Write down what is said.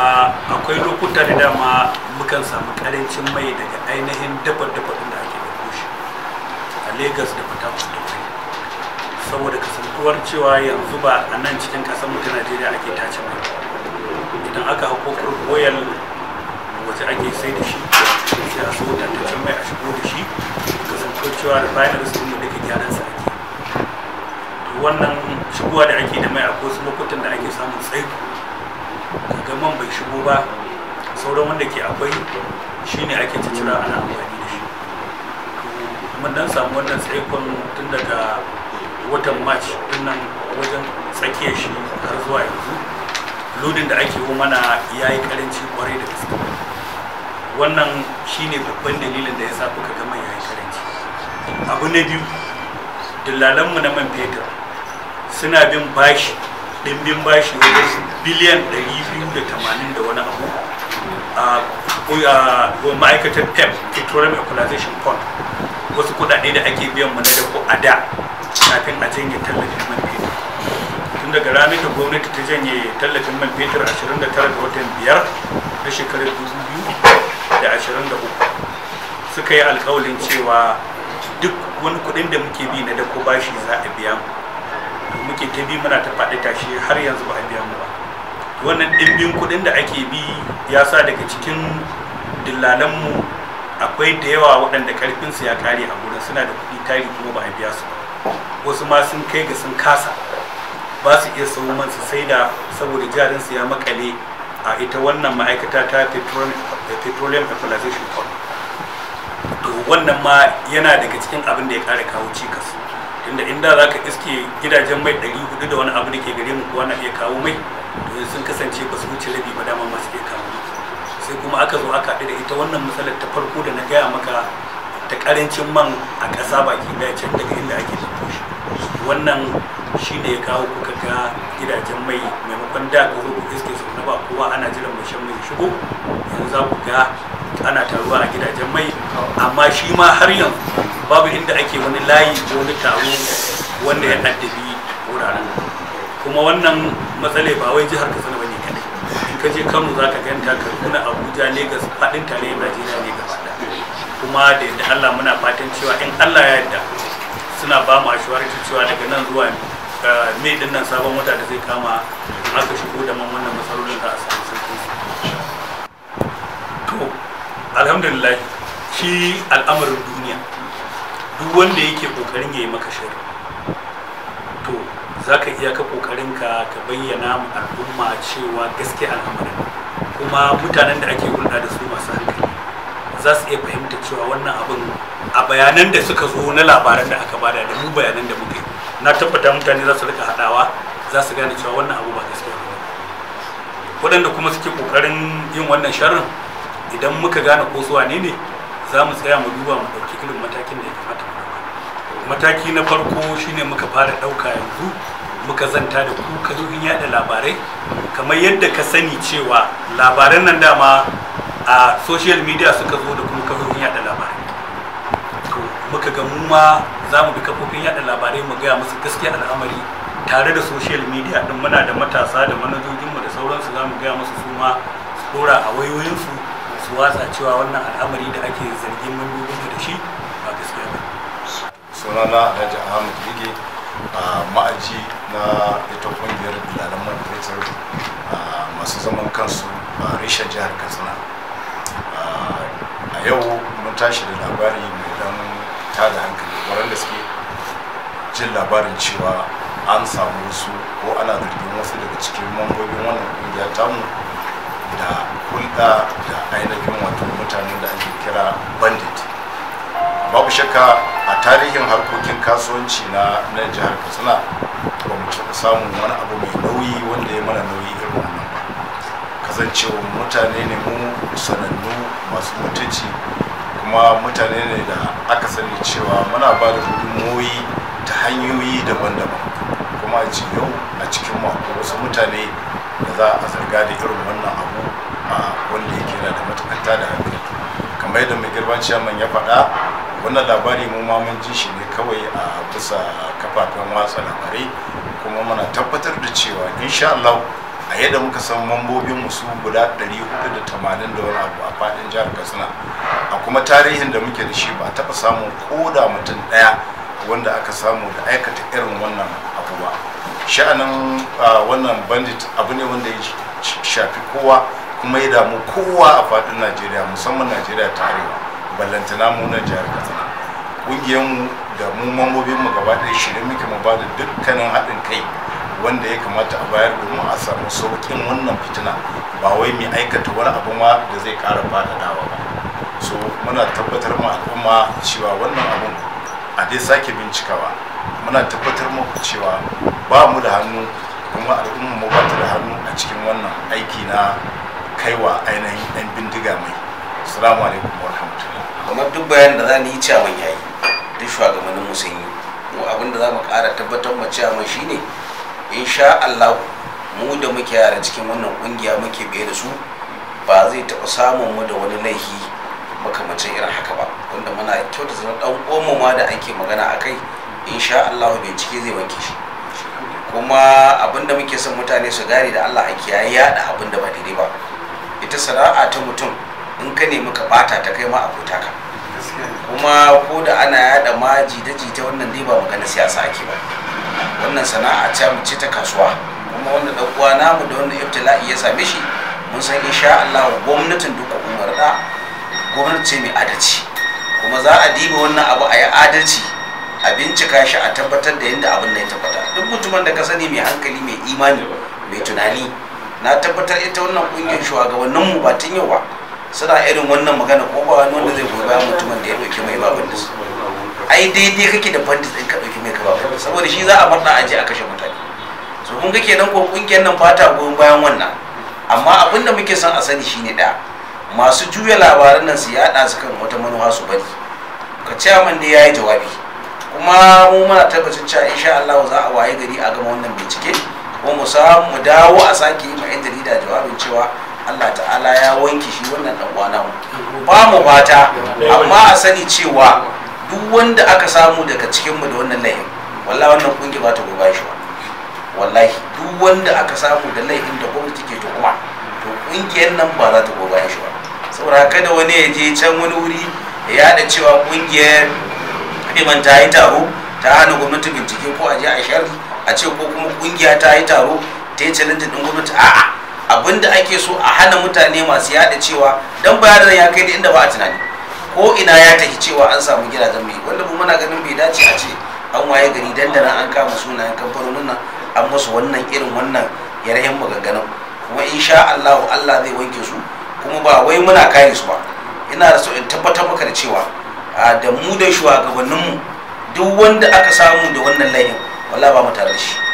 akwai lokuta da dama mukan samu karancin mai daga ainihin dafa-dafa da ake da shi a lagos da fatakwal da mai saboda kasantuwar cewa yanzu ba a nan cikin kasar mutum najeriya ake tace mai idan aka hako kurkoyal waje ake sai da shi sai a so da mai a shigo da shi kasantuwar cewa da refineries din da ke gyaran sa ake wannan shigowa da ake da mai a wasu lokutan da ake samun tsaiko idan man bai shigo ba sauran wanda ke akwai shine ake cicira ana amfani da shi mun dan samu wannan tsaikon tun daga watan march din nan wajen tsakiyar shi har zuwa yanzu lodin da ake yi mana ya yi karanci kwarai da gaske wannan shine babban dalilin da ya sa kuka gama ya yi karanci abu na biyu dillalanmu na man fetur suna bin bashi Dimbin bashi wajen biliyan 280 da wani abu a ma'aikatar pep e petroleum equalization fund wasu kudade da ake biyan mu na da ko a da kafin a janye tallafin man fetur tun daga ranar da gwamnati ta janye tallafin man fetur 29 da watan biyar na shekarar 2023 suka yi alkawalin cewa duk wani kudin da muke bi na dako bashi za a biya mu muke ta bi muna ta faɗi tashi har yanzu ba a biya mu ba wannan dimbin kuɗin da ake bi ya sa daga cikin mu akwai da yawa waɗanda ƙarfinsu ya kare a gurin suna da kuɗi tari kuma ba a biya su wasu ma sun kai ga sun kasa ba su iya man su sai da saboda jarinsu ya makale a ita wannan ma'aikata ta petroleum eh, fertilization to wannan ma yana daga cikin abin da ya kare kawo cikas inda inda za ka iske gidajen mai ɗari hudu da wani abu da ke gare mu kuwa na iya kawo mai to sun kasance ba su wuce rabi ba dama masu iya kawo sai kuma aka zo aka haɗu da ita wannan matsalar ta farko da na gaya maka ta ƙarancin man a ƙasa baki ɗaya can daga inda ake zuwa wannan shi ne ya kawo kuka ga gidajen mai maimakon da ka zo ku iske su na ba kowa ana jiran mai shan mai shigo yanzu za ku ga ana taruwa a gidajen mai amma shi ma har yanzu babu inda ake wani layi ko wani taro wanda ya addabi wuraren kuma wannan matsale ba wai jihar kasana ba ne kadai in ka je kano za ka ganta kaduna abuja lagos faɗin tarayyar najeriya ne gaba kuma da yadda allah muna fatan cewa in allah ya yadda suna ba mu ashuwarci cewa daga nan zuwa eh, mai din nan sabon wata da zai kama aka shigo da man wannan matsalolin da a samu sarki to alhamdulillah shi al'amarin duniya duk wanda yake kokarin ya yi maka shari to za ka iya ka kokarin ka ka bayyana mu al'umma cewa gaske al'amarin kuma mutanen da ake hulɗa da su masu hankali za su iya fahimta cewa wannan abin a bayanan da suka zo na labaran da aka bada da mu bayanan da muka yi na tabbata mutane za su rika haɗawa za su gane cewa wannan abu ba gaske ba waɗanda kuma suke kokarin yin wannan sharrin idan muka gane ko zuwa ne ne za mu tsaya mu duba mu ɗauki irin matakin da ya kamata mataki na farko shine muka fara ɗauka yanzu muka zanta da ku kazofin yada labarai kamar yadda ka sani cewa labaran nan dama a social media suka zo da kuma kafofin yada labarai to muka ga mu ma za mu bi kafofin yada labarai mu gaya musu gaskiya al'amari tare da social media din muna da matasa da manajojinmu da sauransu za mu gaya musu su ma su dora a wayoyinsu su watsa cewa wannan al'amari da ake zargin mambobinmu da shi sunana alhaji ahmad gige a ma'aji na ita kungiyar dalalan man fetur masu zaman kansu a reshen jihar katsina a yau mun tashi da labari mai dan tada hankali da suke jin labarin cewa an samu wasu ko ana zargin wasu daga cikin mambobin wannan kungiya tamu da hulɗa da ainihin wato mutanen da ake kira bandit babu shakka a tarihin harkokin kasuwanci na na jihar katsina ba mu taɓa samun wani abu mai nauyi wanda ya mana nauyi irin wannan ba kasancewa mutane ne mu sanannu masu mutunci kuma mutane ne da aka sani cewa muna ba da gudunmoyi ta hanyoyi daban-daban kuma a yau a cikin mako, wasu mutane da za a zarga da irin wannan abu a wanda yake da matakanta da hankali kamar yadda mai girma ciyaman ya faɗa wannan labari mu ma mun ji shi ne kawai a bisa kafafen watsa labarai kuma muna tabbatar da cewa insha Allah a yadda muka san mambobin mu su guda 480 da wani abu a fadin jihar Katsina a kuma tarihin da muke da shi ba taɓa samun koda mutum ɗaya wanda aka samu da aikata irin wannan abu ba sha'anin wannan bandit abu ne wanda ya shafi kowa kuma ya damu kowa a fadin najeriya musamman najeriya ta arewa ballantana mu na jihar katsina mu da mu mambobinmu gaba ɗaya shirin muke mu ba da dukkanin haɗin kai wanda ya kamata a bayar domin a samu sauƙin wannan fitina ba wai mai aikata wani abu ma da zai ƙara faɗaɗawa ba so muna tabbatar mu al'umma cewa wannan abun a dai sake bincikawa muna tabbatar muku cewa ba mu da hannu kuma al'umma mu ba ta da hannu a cikin wannan aiki na kaiwa ainihin 'yan bindiga mai assalamu alaikum warahmatullahi kamar duk bayan da za ni yi ciyaman ya yi duk shugabannin mu sun yi mu abin da za mu ƙara tabbatar mu ma ciyaman shine insha Allah mu da muke yara cikin wannan kungiya muke biye da su ba zai taɓa samun mu da wani laifi makamancin irin haka ba wanda muna kyauta zan dan omo ma da ake magana a kai insha Allah bincike zai wanke shi kuma abin da muke son mutane su gane da Allah a kiyaye yada abin da ba daidai ba ita sana'a ta mutum in ka nemi ka bata ta kai ma abota ka kuma ko da ana yada ma ji-daji ta wannan dai ba magana siyasa ake ba wannan sana'a ta mu ce ta kasuwa kuma wannan dan uwa namu da wannan iftila'i ya same shi mun san insha Allah gwamnatin duka umar da gwamnati ce mai adalci kuma za a diba wannan abu a yi adalci a bincika shi a tabbatar da yadda abin da ya tabbata duk mutumin da ka sani mai hankali mai imani mai tunani na tabbatar ita wannan kungiyar shugabanninmu ba tun yau ba suna irin wannan magana ko ba wani wanda zai goyi bayan mutumin da ya ɗauki mai babin da ai daidai kake da bandit in ka dauki mai ka babin saboda shi za a murna a je a kashe mutane so kun ga kenan ko kungiyar nan fata goyon bayan wannan amma abin da muke son a sani shine da masu juya labaran nan su yada su kan wata manuwa su bari ka ce man da ya yi jawabi kuma mu muna tabbacin cewa insha Allah za a waye gari a gama wannan bincike kuma mu samu mu dawo a sake yi ma 'yan jarida jawabin cewa Allah ta'ala ya wanke shi wannan dan uwana ba mu fata amma a sani cewa duk wanda aka samu daga cikin mu da wannan laifin wallahi wannan kungi ba ta goba shi wallahi duk wanda aka samu da laifin da gwamnati ke tuhuma to kungiyar nan ba za ta goba shi ba saboda kada wani ya je can wani wuri ya yada cewa kungiyar iman ta yi taro ta hana gwamnati bincike ko a je a shari a ce ko kuma kungiya ta yi taro ta yi challenge din gwamnati a'a da ake so a hana mutane masu yada cewa dan bayanan ya kai da inda ba a tunani ko ina ya tafi cewa an samu gidajen mai wanda mu muna ganin bai dace a ce an waye gari dandana an kama sunayen kamfanonin nan an musu wannan irin wannan yarayen maganganun kuma insha allahu Allah zai wanke su kuma ba wai muna kare su ba ina da so in tabbatar maka da cewa da mu da shugabanninmu duk wanda aka samu da wannan layin wallahi ba mu tare shi